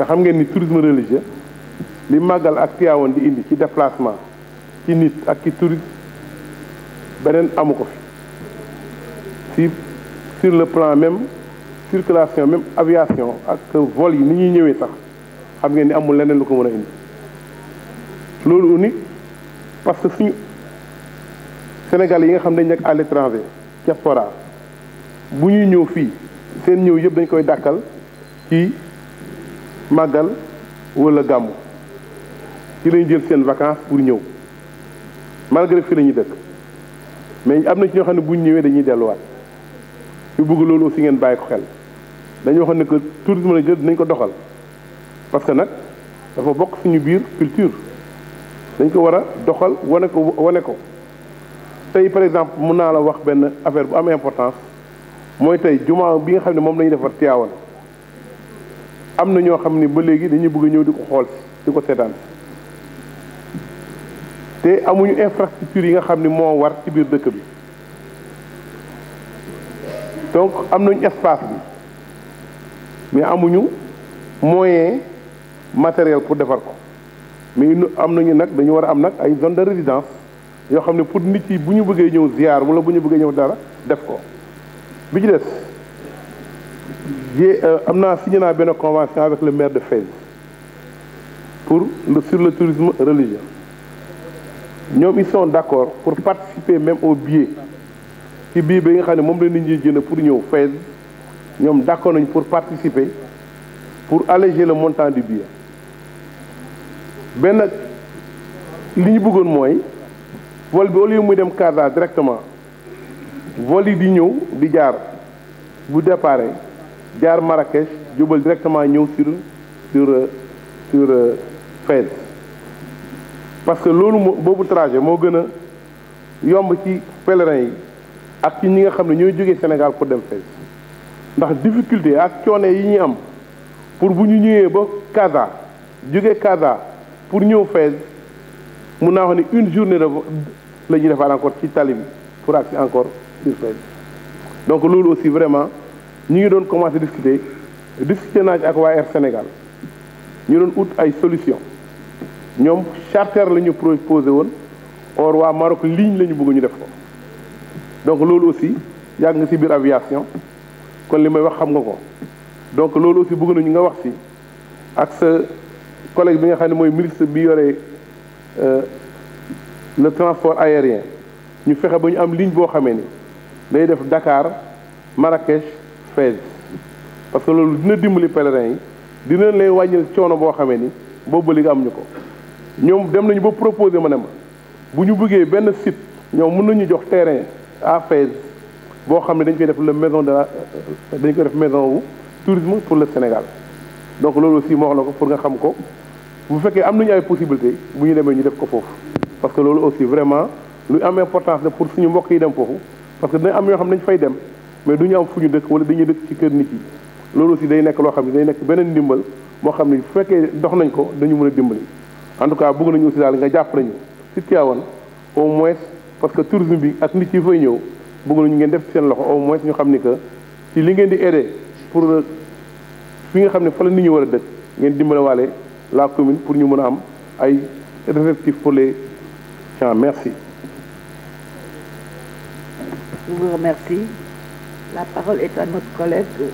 te xam ngeen ni tourisme religieux li màggal ak Tiwaawan di indi ci déplacement ci nit ak ci tourisme beneen amu ko fi si sur le plan même circulation même aviation ak vol yi ni ñuy ñëwee sax xam ngeen ni amul leneen lu ko mën a indi loolu unique parce que suñu Sénégal yi nga xam dañ nekk à l'étranger diaspora bu ñuy ñëw fii seen ñëw yëpp dañ koy dàkkal ci màggal walla gàmmu ci lañu jël seen vacances pour ñëw malgré fii la ñuy dëkk mais am na ci ñoo xam ne bu ñu ñëwee dañuy delluwaat ñu bugg loolu aussi ngeen bàyyi ko xel dañoo xam ne que tourisme la jël dinañ ko doxal parce que nag dafa bokk suñu biir culture dañ ko war a doxal wane ko wane ko tey par exemple mun naa la wax benn affaire bu am importance mooy tey jumaa bi nga xam ne moom la ñuy defar Tiwaawan am na ñoo xam ne ba léegi dañuy bëgg a ñëw di ko xool di ko seetaan te amuñu infrastructure yi nga xam ne moo war ci biir dëkk bi donc am nañu espace bi mais amuñu moyen matériel pour defar ko mais am nañu nag dañu war a am nag ay zone de résidence yoo xam ne pour nit yi bu ñu bëggee ñëw ziar wala bu ñu bëggee ñëw dara def ko bi ci des j'ai euh, am signé une convention avec le maire de Fès pour sur le tourisme religieux nous ils sont d'accord pour participer même au billet Si bii bi nga xam ne pour la nit ñi sommes pour d'accord pour participer pour alléger le montant du billet benn li ñu bëggoon mooy vol bi au lieu Casa directement vol yi di ñëw di jaar bu Gare Marrakech directement ñëw sur sur sur euh, Fès parce que loolu trajet yomb pèlerin Sénégal pour dem Fès ndax difficulté ak pour ba pour Fès une journée de encore pour encore sur Fès donc loolu aussi vraiment ñu ngi doon commencé discuter discuter naa ci ak waa Air Sénégal ñu doon ut ay solution ñoom charter la ñu proposé woon or waa Maroc ligne la ñu bëgg ñu def ko donc loolu aussi yàgg nga ci biir aviation kon li may wax xam nga ko donc loolu aussi bëgg nañu nga wax ci ak sa collègue bi nga xam ne mooy ministre bi yore euh, le transport aérien ñu fexe ba ñu am ligne boo xamee ni day def Dakar Marrakech fees parce que loolu dina dimbali pèlerin yi dina lay wàññil coono boo xamee ni boobu léegi amuñu ko ñoom dem nañu ba proposé ma ne ma bu ñu bëggee benn site ñoom mën nañu jox terrain à Fès boo xam ne dañ koy def la maison de la dañ koy def maison wu tourisme pour le Sénégal donc loolu aussi moo la ko pour nga xam ko bu fekkee am nañu ay possibilité bu ñu demee ñu def ko foofu parce que loolu aussi vraiment lu am importance la pour suñu mbokk yi dem foofu parce que dina am yoo xam dañ fay dem mais du ñu am fu ñu dëkk wala dañuy dëkk ci kër nit yi loolu aussi day nekk loo xam ne day nekk beneen ndimbal moo xam ni bu fekkee dox nañ ko dañu mën a dimbali en tout cas bëgg nañu aussi daal nga jàpp nañu si Tivaouane au moins parce que tourisme bi ak nit yi fay ñëw bëgg nañu ngeen def ci seen loxo au moins ñu xam ni que ci li ngeen di aider pour fi nga xam ne fa la nit ñi war a dëkk ngeen dimbalewaale la commune pour ñu mën a am ay effectifs pour les merci. je vous La parole est à notre collègue